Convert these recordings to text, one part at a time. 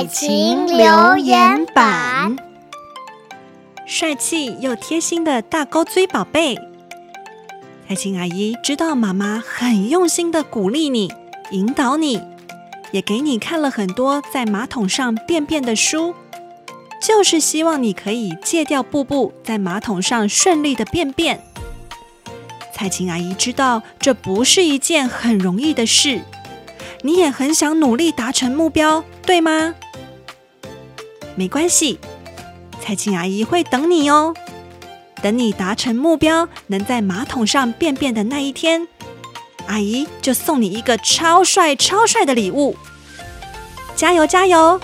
彩晴留言板，帥氣又貼心的大高錐寶貝，采晴阿姨知道媽媽很用心的鼓勵你、引導你，也給你看了很多在馬桶上便便的書，就是希望你可以戒掉布布，在馬桶上順利的便便。采晴阿姨知道這不是一件很容易的事，你也很想努力達成目標，對嗎？沒關係，采晴阿姨會等你哦。等你達成目標，能在馬桶上便便的那一天，阿姨就送你一個超帥超帥的禮物。加油加油！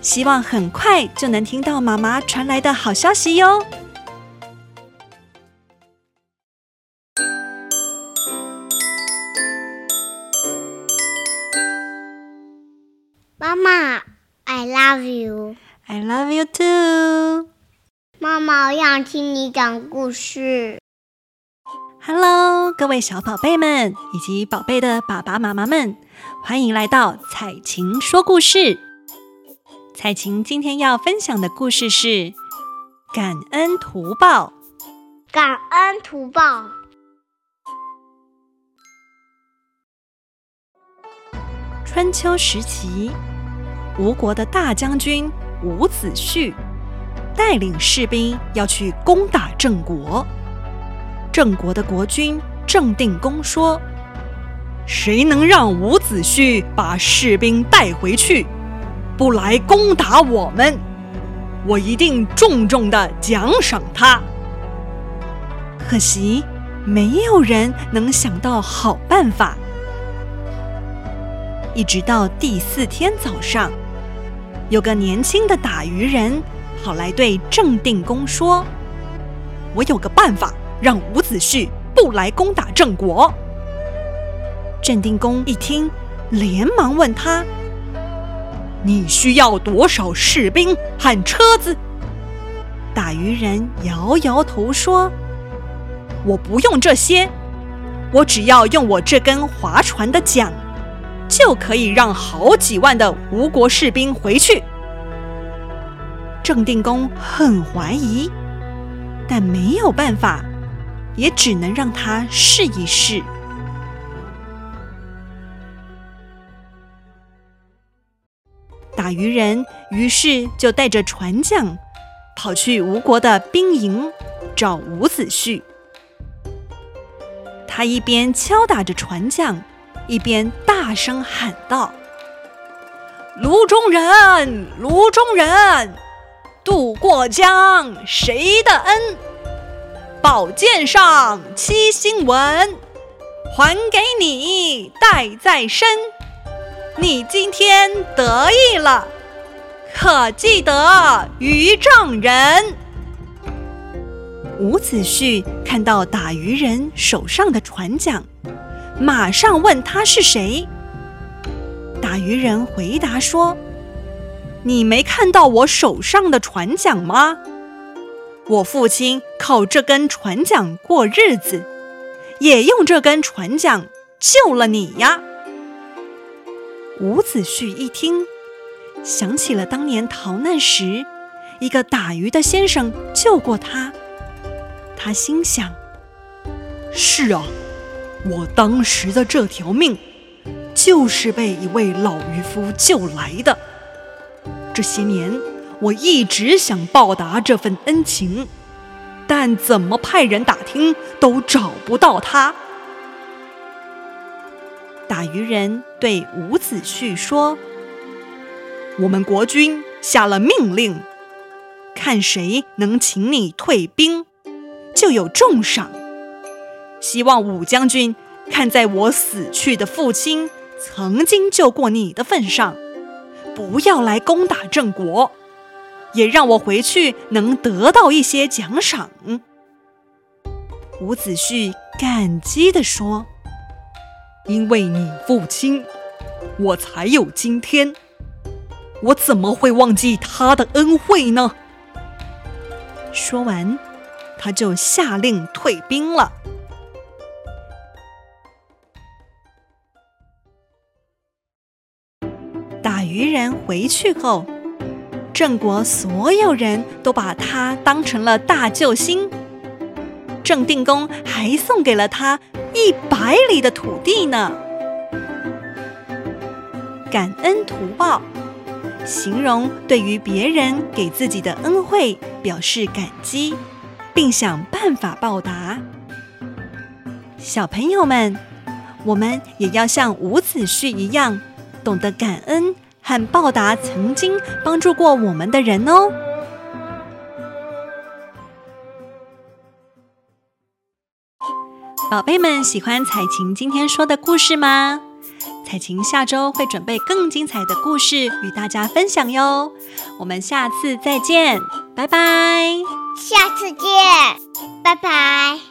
希望很快就能聽到媽媽傳來的好消息喲、哦。媽媽，I love you。I love you too，媽媽，我想聽你講故事。哈嘍，各位小寶貝們以及寶貝的爸爸媽媽們，歡迎來到采晴說故事。采晴今天要分享的故事是感恩圖報。感恩圖報。春秋時期，吳國的大將軍，伍子胥帶領士兵要去攻打鄭國，鄭國的國君鄭定公說：“誰能讓伍子胥把士兵帶回去，不來攻打我們，我一定重重地獎賞他。”可惜沒有人能想到好辦法，一直到第四天早上。有個年輕的打魚人跑來對鄭定公說：“我有個辦法，讓伍子胥不來攻打鄭國。”鄭定公一聽，連忙問他：“你需要多少士兵和車子？”打魚人搖搖頭說：“我不用這些，我只要用我這根划船的槳。”就可以讓好幾萬的吳國士兵回去。鄭定公很懷疑，但沒有辦法，也只能讓他試一試。打魚人於是就帶着船槳跑去吳國的兵營找伍子胥。他一邊敲打着船槳，一邊大聲喊道：“蘆中人，蘆中人，渡過江，誰的恩？寶劍上七星紋，還給你帶在身。你今天得意了，可記得漁丈人？”伍子胥看到打漁人手上的船槳，馬上問他是誰。打魚人回答說：“你沒看到我手上的船槳嗎？我父親靠這根船槳過日子，也用這根船槳救了你呀。”伍子胥一聽，想起了當年逃難時，一個打魚的先生救過他。他心想：“是啊，我當時的這條命，”就是被一位老漁夫救來的。這些年，我一直想報答這份恩情，但怎麼派人打聽都找不到他。打漁人對伍子胥說：“我們國君下了命令，看誰能請你退兵，就有重賞。希望伍將軍看在我死去的父親。”曾經救過你的份上，不要來攻打鄭國，也讓我回去能得到一些獎賞。”伍子胥感激地說：“因為你父親，我才有今天，我怎麼會忘記他的恩惠呢？”說完，他就下令退兵了。漁人回去後，鄭國所有人都把他當成了大救星。鄭定公還送給了他一百里的土地呢。感恩圖報，形容對於別人給自己的恩惠表示感激，並想辦法報答。小朋友們，我們也要像伍子胥一樣，懂得感恩。和報答曾經幫助過我們的人哦，寶貝們喜歡采晴今天說的故事嗎？采晴下周會準備更精彩的故事與大家分享喲，我們下次再見，拜拜，下次見，拜拜。